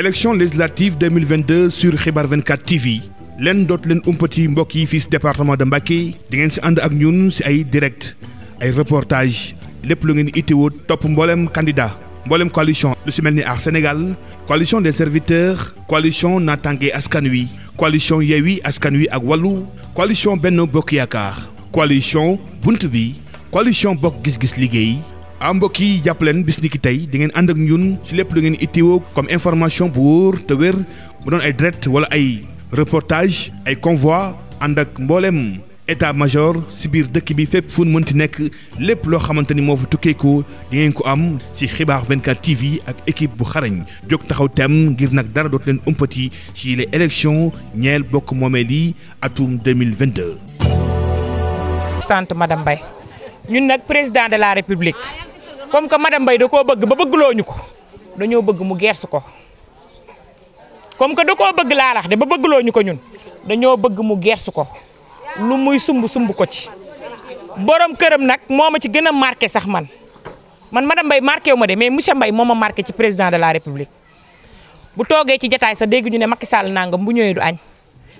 élection législative 2022 sur Xibar 24 TV leen doot leen umpati mbokk yi fii si département de Mbacké di ngeen si ànd ak ñun si ay direct ay reportage lépp lu ngeen itteewoo topp mbooleem candidat mbooleem coalition lu si mel ni ak Sénégal coalition des serviteurs coalition Natangué Askan Wi coalition Yewwi Askan Wi ak Wallu coalition benn Bokk Yaakaar coalition bunt bi coalition Bokk Gis Gis Liggéey ah mbokk yi jàpp leen bis ni tey di ngeen ànd ak ñun ci lépp lu ngeen ittiwoo comme information bu wóor te wér mu doon ay direct wala ay reportage ay convoi ànd ak mbooleem état major si biir dëkk bi fépp fu mënti nekk lépp loo xamante ni moo fa tukkeekoo di ngeen ko am si xibaar 24 TV ak équipe bu xarañ jóg taxaw tem ngir nag dara dootu leen ëmpati ci les élections ñeel bokk moomeel yi atum 2022. tante madame Mbaye ñun nag président de la république. comme que madame Mbaye da koo bëgg ba bëggloo ñu ko dañoo bëgg mu gersu ko comme que da koo bëgg laalax de ba bëggloo ñu ko ñun dañoo bëgg mu gersu ko lu muy sumb sumb ko ci borom këram nag moo ma ci gën a marqué sax man man madame Mbaye marqué wu ma de mais monsieur Mbaye moom ma marqué ci président de la république bu toogee ci jataay sax dégg ñu ne Macky Sall nangam bu ñëwee du añ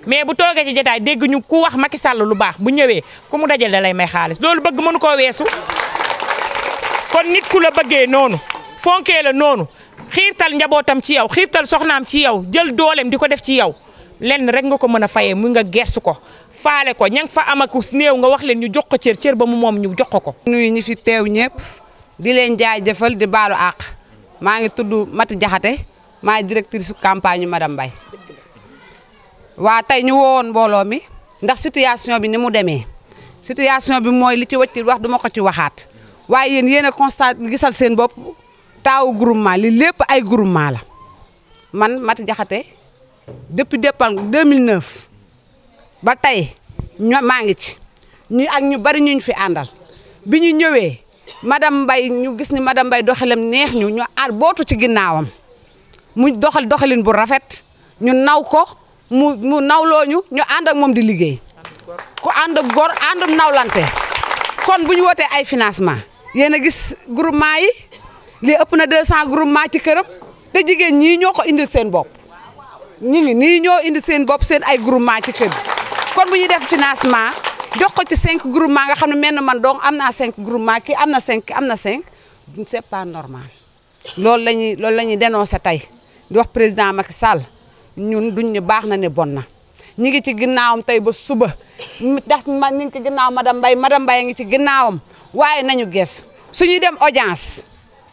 mais bu toogee ci jataay dégg ñu ku wax Macky Sall lu baax bu ñëwee ku mu dajal da lay may xaalis loolu bëgg mënu koo weesu kon nit ku la bëggee noonu fonkee la noonu xiirtal njabootam ci yow xiirtal soxnaam ci yow jël dooleem di ko def ci yow lenn rek nga ko mën a fayee mu nga gestu ko faale ko ña nga fa amaku néew nga wax leen ñu jox ko cër cër ba mu moom ñu jox ko. nuyu ñi fi teew ñëpp di leen jaajëfal di baalu àq maa ngi tudd Mati Jaxate maa directrice campagne madame Mbaye waa tey ñu woowoon mbooloo mi ndax situation bi ni mu demee situation bi mooy li ci wëcc wax duma ko ci waxaat. waaye yéen yéen a constat gisal seen bopp taawu groupement li lépp ay groupement la man Mati Jaxate depuis départ 2009 ba tey ño maa ngi ci ñu ak ñu bari ñu fi àndal bi ñu ñëwee madame mbay ñu gis ni madame mbay doxalam neex ñu ñu aar bootu ci ginnaawam mu doxal doxalin bu rafet ñu naw ko mu mu nawloo ñu ñu ànd ak moom di liggéey ku ànd ak góor àndum nawlante kon bu ñu wootee ay financement yéen a gis groupement yi lii ëpp na 200 groupement ci këram te jigéen ñii ñoo ko indil seen bopp ñu ngi nii ñoo indi seen bopp seen ay groupement ci kër kon bu ñuy def financement jox ko ci 5 groupement nga xam ne mel na man donc am naa 5 groupement kii am na 5 am na 5 c'est pas normal loolu la ñuy loolu la ñuy dénoncé tey di wax président Macky Sall ñun duñ ne baax na ne bon na. ñu ngi ci ginnaawam tey ba suba ndax man ñu ngi ci ginnaaw madame ma madame Mbaye ngi ci ginnaawam. waaye nañu gees suñuy dem audience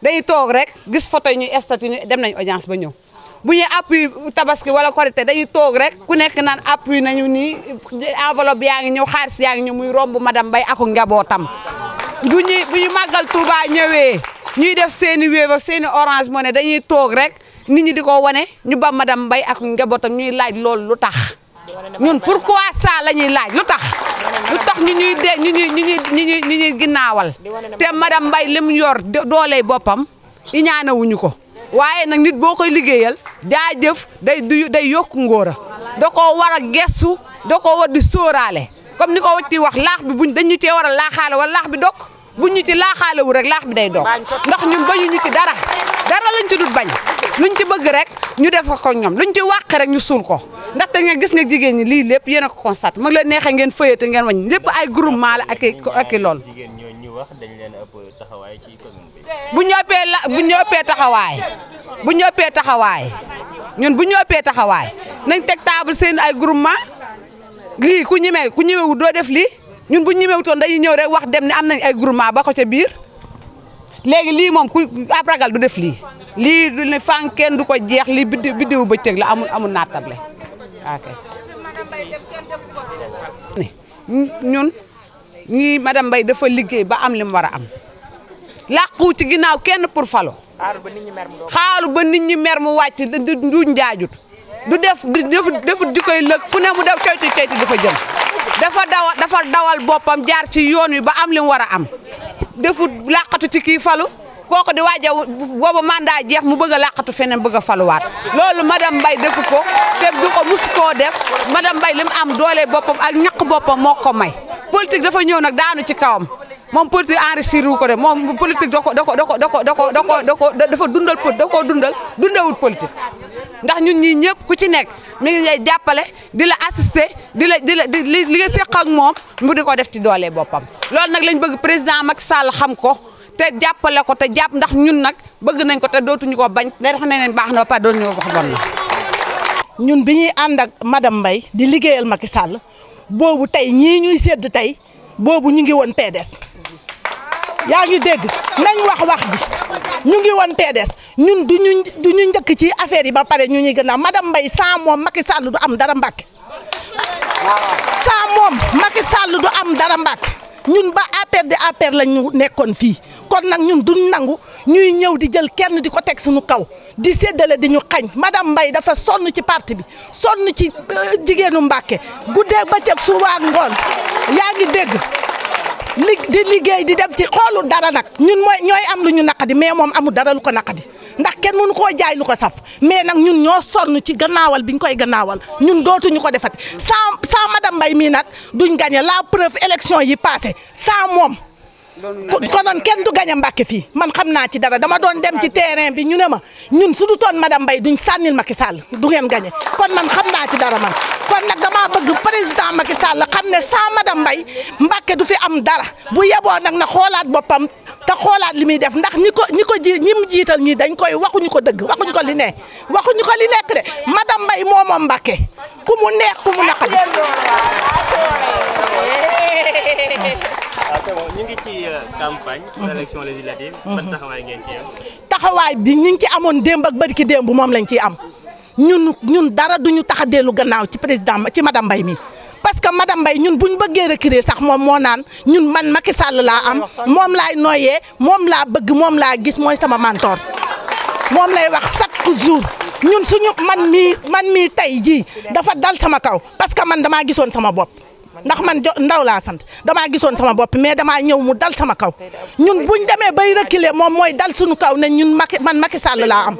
dañuy toog rek gis photo yi ñuy statut dem nañ audience ba ñëw bu ñuy appui tabaski wala korité dañuy toog rek ku nekk naan appui nañu nii enveloppe yaa ngi ñëw xaalis yaa ngi ñëw muy romb madame Mbaye ak njabootam bu ñuy bu ñu màggal Touba ñëwee ñuy def seen i Wave ak seen i dañuy toog rek nit ñi di ko wane ñu ba madame Mbaye ak njabootam ñuy laaj lool lu tax ñun pourquoi ça la ñuy laaj lu tax. lu tax ñu ñuy de ñu ñuy ñu ñuy ñu ñuy ginnaawal te madame Mbaye li mu yor dooley boppam ñaanawuñu ko waaye nag nit boo koy liggéeyal jaajëf day duyu day yokku ngóora a da koo war a gestu da koo war di sóoraale comme ni ko wacci wax laax bi buñ dañu cee war a laaxaale wal laax bi dok buñ ñu ci laaxaale wu rek laax bi day dok ndax ñun bañu ñu ci dara dara lañ ci dut bañ luñ ci bëgg rek ñu def ko ñoom luñ ci wàq rek ñu suul ko ndaxte nga gis nga jigéen ñi lii lépp yéen a ko constate mag la neexee ngeen fëyate ngeen wañ lépp ay groupement la ak i ak i lool bu ñu ëppee la bu ñu ëppee taxawaay bu ñu ëppee taxawaay ñun bu ñu ëppee taxawaay nañ teg table seen ay groupement lii ku ñemee ku ñemewu doo def lii ñun bu ñemewutoon dañuy ñëw rek wax dem ne am nañ ay groupement ba ko ca biir léegi lii moom ku ab ragal du def lii lii du ne fànn kenn du ko jeex lii biddi biddiwu bëccëg la amu amul naatable ok ñun ñii madame Mbaye dafa liggéey ba am li mu war a am làqu ci ginnaaw kenn pour falo xaaru ba nit mer mu xaaru ba nit ñi mer mu wàcc du njaajut du def defut di koy lëg fu ne mu def coyti coyti dafa jëm dafa dawal dafa dawal boppam jaar ci yoon wi ba am li mu war a am defut làqatu ci kii falu kooko di waaja booba mandat jeex mu bëgg a làqatu feneen bëgg a faluwaat loolu madame bay defu ko te du ko mus koo def madame bay li mu am doole boppam ak ñaq boppam moo ko may politique dafa ñëw nag daanu ci kawam moom politique enrichir wu ko de moom politique da ko da ko da ko da ko da ko da dafa dundal da koo dundal dundawut politique ndax ñun ñii ñëpp ku ci nekk mi ngi lay jàppale dila la assister di la di la di li nga ak moom mu di ko def ci doole boppam loolu nag lañ bëgg président Macky Sall xam ko te jàppale ko te jàpp ndax ñun nag bëgg nañ ko te dootuñu ko bañ ndax nee nañ baax na ba pare dootuñu ko wax bon ñun bi ñuy ànd ak madame Mbaye di liggéeyal Macky Sall boobu tey ñii ñuy sédd tey boobu ñu ngi woon PDS yaa ngi dégg nañ wax wax ji. ñu ngi woon PDS ñun du ñu njëkk ci affaire yi ba pare ñu ñuy gën a madame Mbaye sans moom Macky du am dara Mbàkke sans moom du am dara Mbàkke ñun ba APR de APR la ñu nekkoon fii kon nag ñun duñ nangu ñuy ñëw di jël kenn di ko teg suñu kaw di séddale di ñu xañ madame Mbaye dafa sonn ci parti bi sonn ci euh, jigéenu Mbàkke guddee bëccëg suba ak ngoon yaa ngi dégg li di liggéey di dem ci xoolu dara nag ñun mooy ñooy am lu ñu di mais moom amul dara lu ko naqadi ndax kenn mënu koo jaay lu ko saf mais nag ñun ñoo sonn ci gannaawal biñ koy gannaawal ñun dootuñu ko defati sans sans madame Mbaye mii nag duñ gagné la preuve élection yi passé sans moom. konoon kenn du gañ a Mbàkke fii man xam naa ci dara dama doon dem ci terrain bi ñu ne ma ñun su du toon madame Mbaye duñ sànnil Macky Sall du ngeen gañe kon man xam naa ci dara man kon nag damaa bëgg président Macky Sall xam ne sans madame Mbaye Mbàkke du fi am dara bu yeboo nag na xoolaat boppam te xoolaat li muy def ndax ñi ko ñi ko ji ñi jiital nii dañ koy waxuñu ko dëgg waxuñu ko li nee waxuñu ko li nekk de madame Mbaye moo moom Mbàkke ku mu neex ku mu waaw ah, ñu ngi ci euh, mhm. mhm. taxawaay ngeen ci bi ñu ngi ci amoon démb ak barki démb moom lañ ciy am ñun ñun dara duñu tax a dellu gannaaw ci président ci madame Mbaye mi parce que madame Mbaye ñun bu ñu bëggee recréer sax moom moo naan ñun man Macky Sall laa am moom laay noyyee moom laa bëgg moom laa gis mooy sama mentor moom lay wax chaque jour. ñun suñu man mii man mii tey jii dafa dal sama kaw parce que man damaa gisoon sama bopp. ndax man ndaw laa sant damaa gisoon sama bopp mais damaa ñëw mu dal sama kaw ñun buñ demee bay reculer moom mooy dal suñu kaw ne ñun maki man Macky Sall laa am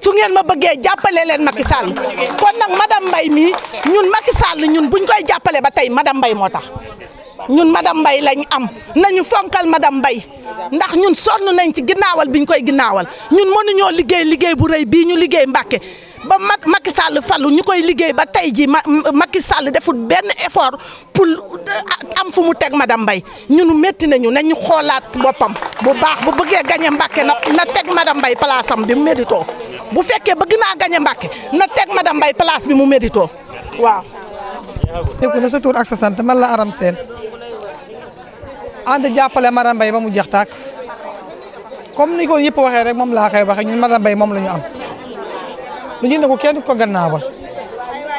su ngeen ma bëggee jàppale leen Macky Sall kon nag madame Mbaye mii ñun Macky Sall ñun buñ koy jàppale ba tey madame Mbaye moo tax ñun madame Mbaye lañ am nañu fonkal madame Mbaye ndax ñun sonn nañ ci ginnaawal biñ koy ginnaawal ñun mënuñoo liggéey liggéey bu rëy bii ñu liggéey Mbàkke ba Mat Macky Sall fallu ñu koy liggéey ba tey ji ma Macky Sall deful benn effort pour euh, am fu mu teg madame Mbaye ñunu metti nañu nañu xoolaat boppam bu baax bu bëggee gañe Mbàkke na na teg madame Mbaye place am bi mu méritoo bu fekkee bëgg naa gañe Mbàkke na teg madame Mbaye place bi mu méritoo waaw. dégg na sa tur ak sa sant man la Aram Sène ànd jàppale madame Mbaye ba mu jeex tàkk comme ni ko yëpp waxee rek moom laa koy waxee ñun madame Mbaye moom la ñu am. dañuy nangu kenn ko gannaawal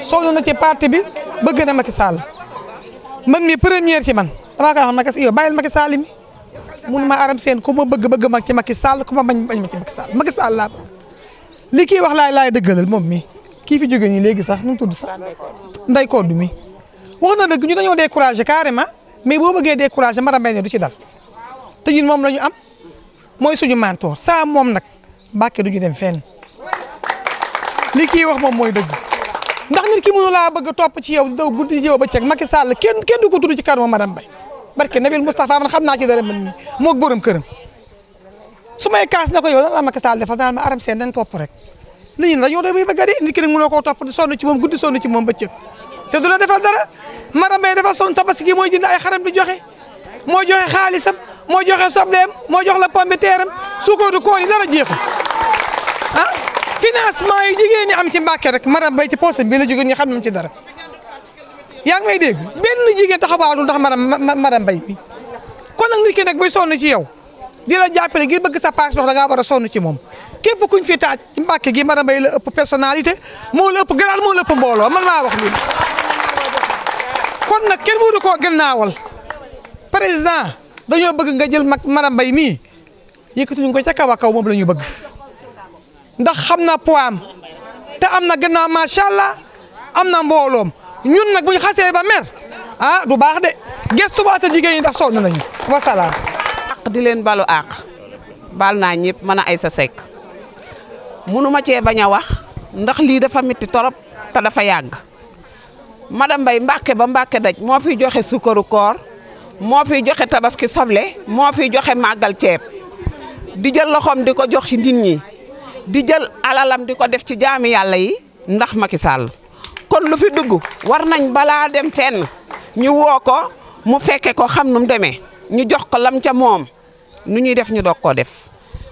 sonn na ci parti bi bëgg na Macky Sall man mi première ci man damaa koy wax Macky yow bàyyil mi mun ma aram seen ko ma bëgg bëgg ma ci Macky Sall ma bañ bañ ma ci Macky Sall Macky Sall laa bëgg li kii wax laa laay dëggalal moom mi kii fi jógee nii léegi sax nu mu tudd sax nday koddu mi wax na dëgg ñu dañoo découragé carrément mais boo dee découragé ma mbay ne du ci dal te ñun moom la ñu am mooy suñu mentor saa moom nag Mbàkke du ñu dem fenn. li kii wax moom mooy dëgg ndax nit ki mënu laa bëgg topp ci yow daw guddi ci yow ba ceeg Macky Sall kenn kenn du ko tudd ci kanamu madame Mbaye barke Nabil Moustapha man xam naa ci dara man mi moog borom këram su may kaas na ko yow dana la Macky Sall defal daan ma aram seen dañ topp rek nit ñi dañoo doy muy bëgg a koo topp di sonn ci moom guddi sonn ci moom bëccëg te du la defal dara madame Mbaye dafa sonn tabaski mooy jënd ay xaram di joxe moo joxe xaalisam moo joxe sobleem moo jox la pomme de terre am suukar du koor yi dara jeexul ah financement yi jigéen ñi am ci Mbàkke rek maram bay ci poste bi la jigéen ñi xam nañ ci dara yaa ngi may dégg benn jigéen taxawaalu ndax maram maram bay mi kon nag nit ki nag buy sonn ci yow di la jàppale ngir bëgg sa paas dox da ngaa war a sonn ci moom képp kuñ fi taaj ci Mbàkke gi maram bay la ëpp personnalité moo la ëpp garaat moo la ëpp mbooloo man maa wax lii kon nag kenn mënu koo gannaawal président dañoo bëgg nga jël mag maram bay mii yëkkatuñu ko ca kaw a kaw moom la ñu bëgg ndax xam na poids te am na gannaaw macha allah am na mbooloom ñun na bu ñu xasee ba mer ah du baax de gestu baata jigéen ñi ndax sonn nañu wasalaam. ak di leen balu àq bal naa ñëpp mën a ay sa sekk munu ma cee bañ a wax ndax lii dafa métti torop te dafa yàgg madame Mbaye Mbàkke ba Mbàkke daj moo fiy joxe sukkaru koor moo fiy joxe tabaski soble moo fiy joxe màggal ceeb di jël loxoom di ko jox ci nit ñi. di jël alalam di ko def ci jaami yàlla yi ndax Macky Sall kon lu fi dugg war nañ balaa dem fenn ñu woo ko mu fekke ko xam nu mu demee ñu jox ko lam ca moom nu ñuy def ñu doog koo def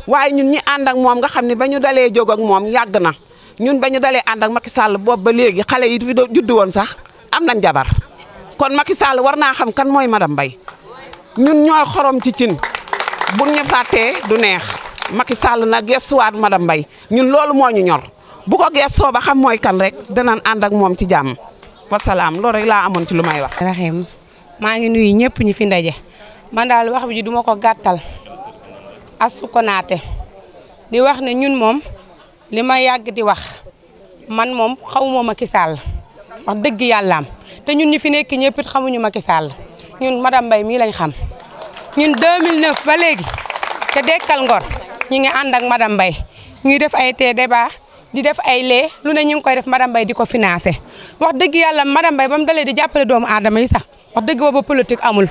waaye ñun ñi ànd ak moom nga xam ne ba ñu dalee jóg ak moom yàgg na ñun bañu dalee ànd ak Macky Sall boobu ba léegi xale yi fi juddu woon sax am nañ jabar kon Macky Sall war naa xam kan mooy madame Mbaye ñun ñooy xorom ci cin buñ ñu fàttee du neex. Macky Sall na gestuwaat madame Mbaye ñun loolu moo ñu ñor bu ko gestoo ba xam mooy kan rek danañ ànd ak moom ci jàmm wasalaam loolu rek laa amoon ci lu may wax. rahim maa ngi nuyu ñëpp ñi fi ndaje man daal wax bi ji duma ko gàttal ko Konaté di wax ne ñun moom li ma yàgg di wax man moom xawuma Macky Sall wax dëgg yàllaam te ñun ñi fi nekk ñëpp xamuñu Macky Sall ñun madame Mbaye mii lañ xam ñun 2009 ba léegi te dekkal ngor. ñu ngi ànd ak madame Mbaye ñuy def ay té débat di def ay lee lu ne ñu ngi koy def madame Mbaye di ko financé wax dëgg yàlla madame Mbaye ba mu dalee di jàppale doomu aadama yi sax wax dëgg ba politique amul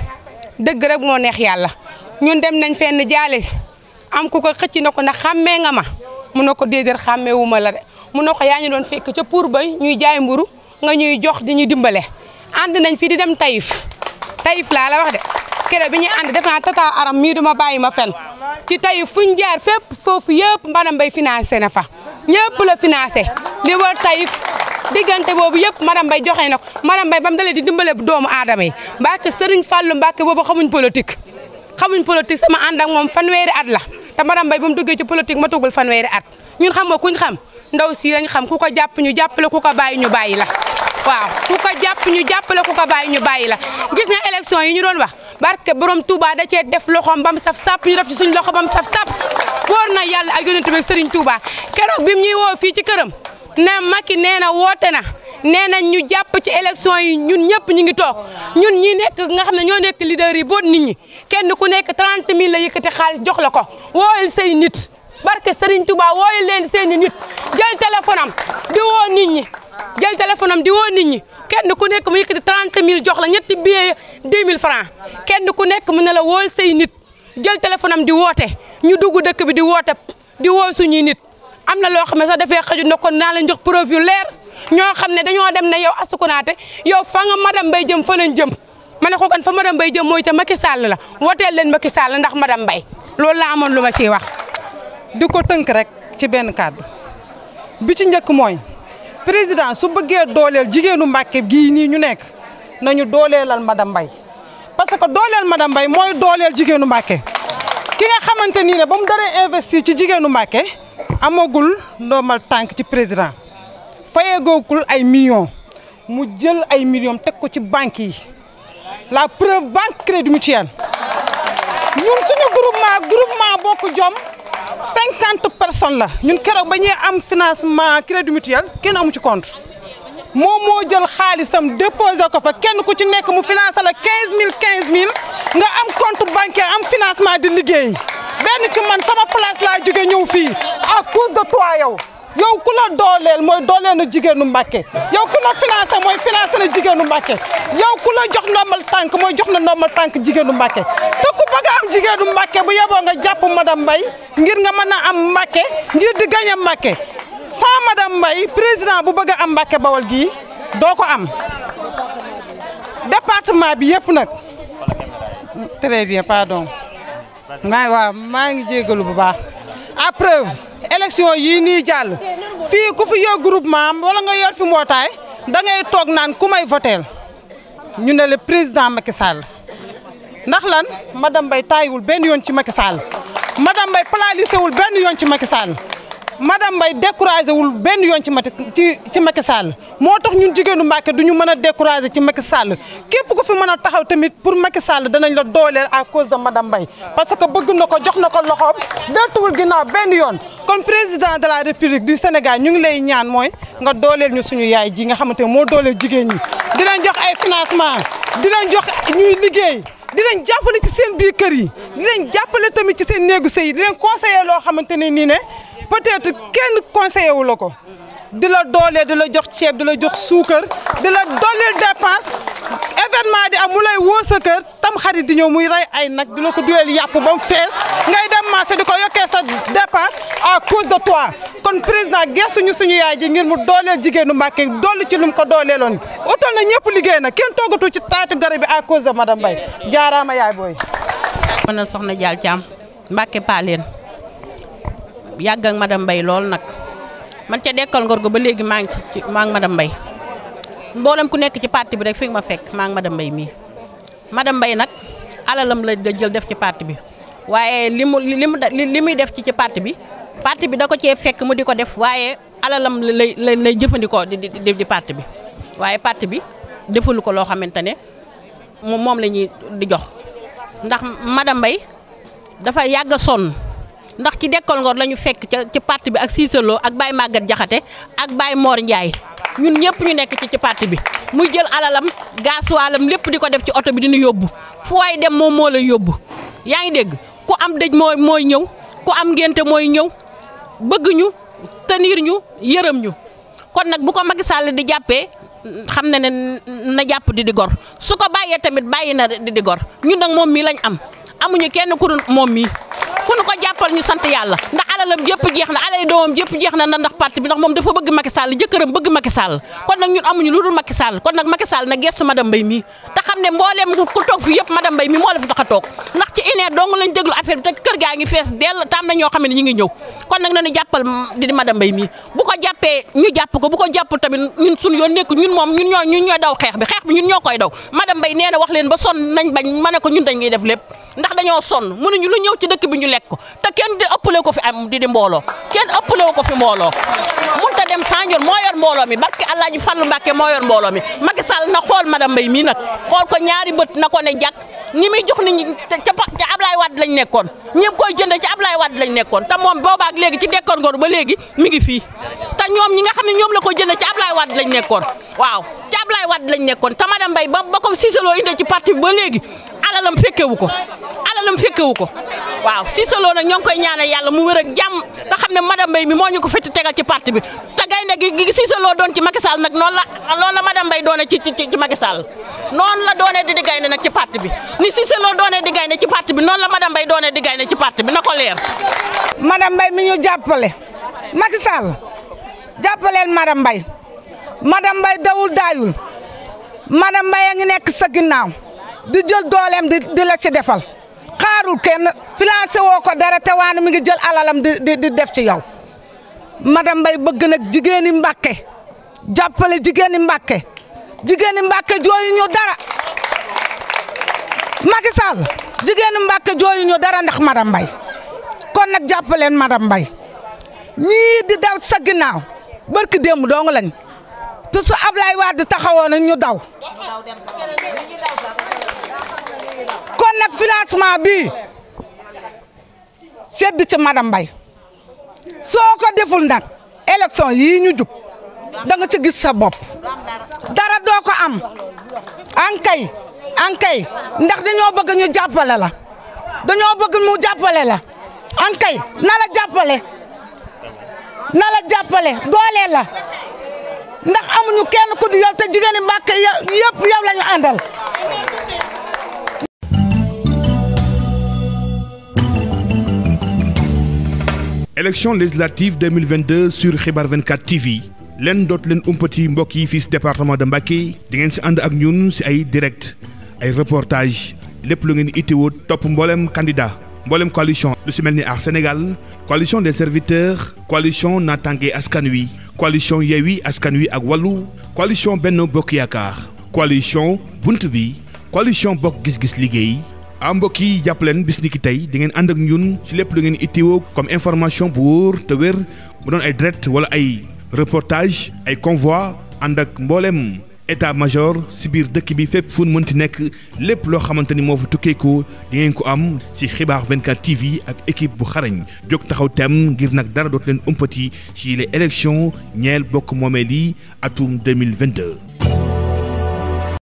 dëgg rek moo neex yàlla ñun dem nañ fenn jaalis am ku ko xëcc na ko na xàmmee nga ma mun na ko déedéet xàmmee ma la de mun na ko yaa ñu doon fekk ca pour bay ñuy jaay mburu nga ñuy jox di ñu dimbale ànd nañ fi di dem Taïf Taïf laa la wax de kere bi ñuy ànd def naa ma ci tey fuñ jaar fépp foofu yëpp madame Mbaye financé na fa ñëpp la financé li wër tayif diggante boobu yëpp madame Mbaye joxe na ko madame Mbaye ba mu dalee di dimbale doomu aadama yi Mbacke Serigne Fallou Mbacke boobu xamuñ politique xamuñ politique sama ànd ak moom fanweeri at la te madame Mbaye ba mu duggee ci politique ma tugul fanweeri at ñun xam nga kuñ xam ndaw si lañ xam ku ko jàpp ñu jàppale ku ko bàyyi ñu bàyyi la waaw ku ko jàpp ñu jàppale ku ko bàyyi ñu bàyyi la gis nga élection yi ñu doon wax barke borom Touba da cee def loxoom bam saf sapp ñu def ci suñu loxo bam saf sàpp wóor na yàlla ak yonent bi Serigne Touba keroog bi mu ñuy woo fii ci këram ne Macky nee na woote na nee na ñu jàpp ci élection yi ñun ñëpp ñu ngi toog ñun ñi nekk nga xam ne ñoo nekk leader yi boot nit ñi kenn ku nekk 30 000 la yëkkati xaalis jox la ko wooyal say nit barke Serigne Touba wooyal leen seen nit jël téléphone am woo nit ñi. jël téléphone am di woo nit ñi kenn ku nekk mu yëkkati 30000 jox la ñetti billets 2000 francs kenn ku nekk mu ne la wool say nit jël téléphone am di woote ñu dugg dëkk bi di woote di woo suñuy nit am na loo xam ne sax dafay xaju ne naa la jox preuve leer ñoo xam ne dañoo dem na yow Astou Konaté yow fa nga madame Mbaye jëm fa lañ jëm ma ne ko kon fa madame Mbaye jëm mooy te Macky Sall la wooteel leen Macky Sall ndax madame Mbaye loolu laa amoon lu ma ciy wax. di ko tënk rek ci benn kàddu bi ci njëkk mooy. président su bëggee dooleel jigéenu Mbàkke gii nii ñu nekk nañu dooleelal madame Mbaye parce que dooleel madame Mbaye mooy dooleel jigéenu Mbàkke ki nga xamante nii ne ba mu daree investir ci jigéenu Mbàkke amagul ndomal tànk ci président fayegookul ay millions mu jël ay millions teg ko ci banque yi la preuve banque crédit mutuel ñun suñu groupement groupement bokk jom cinquante personnes la ñun keroog ba ñuy am financement crédit mutuel kenn amu ci compte moo moo jël xaalisam déposé ko kenn ku ci nekk mu financé la quinze mille quinze mille nga am compte bancaire am financement di liggéey benn ci man sama place laa jóge ñëw fii à cause de toi yow ku la dooleel mooy dooleel na jigéenu Mbàkke yow ku la financé mooy financé na jigéenu Mbàkke yow ku jox ndombal tànk mooy jox na ndombal tànk jigéenu Mbàkke te ku bëgg am jigéenu Mbàkke bu yeboo nga jàpp madame Mbaye ngir nga mën a am Mbàkke ngir di gañ mbake Mbàkke sans madame Mbaye président bu bëgg a am Mbàkke Bawol gii doo ko am département bi yëpp nag très bien pardon maa waaw maa ngi jégalu bu baax élection yii nii jàll fii ku fi yor groupement wala nga yor fi mbootaay da ngay toog naan ku may voteel ñu ne le président Macky Sall ndax lan madame Mbaye taayiwul benn yoon ci Macky Sall madame Mbaye plalisewul benn yoon ci Macky Sall madame Mbaye découragé wul benn yoon ci Macky ci ci Macky Sall moo tax ñun jigéenu Mbacké du ñu mën a découragé ci Macky Sall képp ku fi mën a taxaw tamit pour Macky Sall danañ la dooleel à cause de madame parce que bëgg na ko jox na ko loxoom deltuwul ginnaaw benn yoon kon président de la république du Sénégal ñu ngi lay ñaan mooy nga dooleel ñu suñu yaay ji nga xamante ne moo dooleel jigéen ñi di leen jox ay financement di leen jox ñuy liggéey di leen jàppale ci seen biir kër yi di jàppale tamit ci seen néegu sëy yi di loo xamante ne nii ne peut-être kenn conseillé wu la ko di la dooleel di la jox ceeb di la jox suukar di la dooleel dépense événement di am mu woo sa kër tam xarit di ñëw muy rey ay nag di la ko duweel yàpp ba mu fees ngay dem marché di ko yokkee sa dépense à cause de toi kon président gëstuñu suñu yaay ji ngir mu dooleel jigéenu Mbacké dolli ci lu mu ko dooleeloon otol na ñëpp liggéey na kenn toogatu ci taatu garab bi à cause de madame Mbaye jaaraama yaay booy. mën na soxna Dial Thiam Mbacké Paleen. yàgg ak madame Mbaye lool nag man ca dekkal ngor go ba léegi maa ngi ci maa ngi madame mboolem ku nekk ci parti bi rek fi ma fekk maa ngi madame Mbaye mii madame Mbaye nag alalam la da jël def ci parti bi waaye li mu li mu li muy def ci ci parti bi parti bi da ko cee fekk mu di ko def waaye alalam lay lay lay jëfandikoo di di di parti bi waaye parti bi defalu ko loo xamante ne moom lañuy di jox ndax madame dafa yàgg sonn. ndax ci dekkal ngor la ñu fekk ca ci parti bi ak siisaloo ak Baye Maguette Jaxate ak Baye Mor Ndiaye ñun ñëpp ñu nekk ci ci parti bi muy jël alalam gaasuwaalam lépp di ko def ci oto bi dina yóbbu fu dem moom moo la yóbbu yaa ngi dégg ku am dëj mooy mooy ñëw ku am ngénte mooy ñëw bëgg ñu tenir ñu yërëm ñu kon nag bu ko Macky Sall di jàppee xam na ne na jàpp di di su ko bàyyee tamit bàyyi na di di ñun nag moom mii lañ am amuñu kenn ku dul moom mii ku nu ko jàppal ñu sant yàlla ndax alalam jëpp jeex na alay doomam jëpp jeex na ndax parti bi na gestu madame Mbaye mii te xam ne mbooleem ku toog fi yëpp madame Mbaye mii moo a toog ndax ci une heure dong lañ déglu affaire bi te kër gaa ngi fees dell tam na ñoo xam ne ñi ngi ñëw kon nag nañu jàppal di madame Mbaye mii bu ko jàppee ñu jàpp ko bu ko jàpp tamit ñun suñu yoon nekk ñun moom ñun ñoo ñun daw xeex bi xeex bi ñun ñoo koy daw madame Mbaye nee na wax leen ba sonn nañ bañ ma ne ko ñun dañ ngiy def lépp ndax dañoo sonn mënuñu lu ñëw ci dëkk bi ñu lekk ko te kenn di ëppale ko fi am di di mbooloo kenn ëppale ko fi mbooloo mun ta dem Sandior moo yor mbooloo mi barke El Hadj Fallou Mbacké moo yor mbooloo mi Macky Sall na xool madame Mbaye mii nag xool ko ñaari bët na ko ne jàkk ñi muy jox nit ñi ca ca Ablaye Wade lañ nekkoon ñi koy jënd ci Ablaye Wade lañ nekkoon te moom boobaak léegi ci dekkoon ngor ba léegi mi ngi fii te ñoom ñi nga xam ne ñoom la ko jënd ci Ablaye Wade lañ nekkoon waaw ci Ablaye Wade lañ nekkoon te madame Mbaye ba ba ko Cissé Lo indee ci parti bi ba léegi alalam fekkewu ko alalam fekkewu ko waaw Cissé na nag ñoo ngi koy ñaanal yàlla mu wér ak jàmm xam ne madame Mbaye mi moo ñu ko feti tegal ci parti bi te gaynde gi Cissé Lo doon ci Macky Sall nag noonu la noonu la madame Mbaye doone ci ci ci Macky Sall noonu la doonee di di gaynde nag ci parti bi ni Cissé Lo doonee di gaynde ci parti bi noonu la madame Mbaye doonee di gaynde ci parti bi na ko leer. madame Mbaye mi ñu jàppale Macky Sall jàppaleel madame Mbaye madame Mbaye dawul daayul madame Mbaye a ngi nekk sa ginnaaw di jël doole di di la ci defal. xaarul kenn financé woo ko dara te waane mi ngi jël alalam di di di ci yow madame Mbaye bëgg nag jigéeni Mbàkke jàppale jigéeni Mbàkke jigéeni Mbàkke jooyu ñu dara Macky Sall jigéeni Mbàkke jooyu ñu dara ndax madame Mbaye kon nag jàppaleen madame Mbaye ñii di daw sa ginnaaw barki démb dong lañ te su Ablaye Wade taxawoon ñu daw nag financement bi sedd ci madame Mbaye soo ko deful nag élection yii ñu jub da ci gis sa bopp dara doo ko am ankay ankay ndax dañoo bëgg ñu jàppale la dañoo bëgg mu jàppale la ankay na la jàppale na la jàppale dooleel la ndax am kenn ku di yow jigéeni Mbàkke yëpp yow la ñu àndal élection législative 2022 sur Xibar 24 TV leen doot leen umpati mbokk yi fii si département de Mbacké di ngeen si ànd ak ñun si ay direct ay reportage lépp lu ngeen itteewoo topp mboolem candidat mbooleem coalition lu si mel ni ak Sénégal coalition des serviteurs coalition Natangué askan wi coalition Yewwi askan wi ak wallu coalition benn Bokk Yaakaar coalition bunt bi coalition Bokk Gis Gis Liggéey ah mbokk yi jàpp leen bis tey di ngeen ànd ak ñun ci lépp lu ngeen ittiwoo comme information bu wóor te wér mu doon ay direct wala ay reportage ay convoi ànd ak mbooleem état major ci biir dëkk bi fépp fu mënti nekk lépp loo xamante ni moo fa tukkeekoo ko ngeen ko am ci xibaar 24 TV ak équipe bu xarañ jóg taxaw tem ngir nag dara dootu leen umpati ci les élections ñeel bokk moomeel yi atum 2022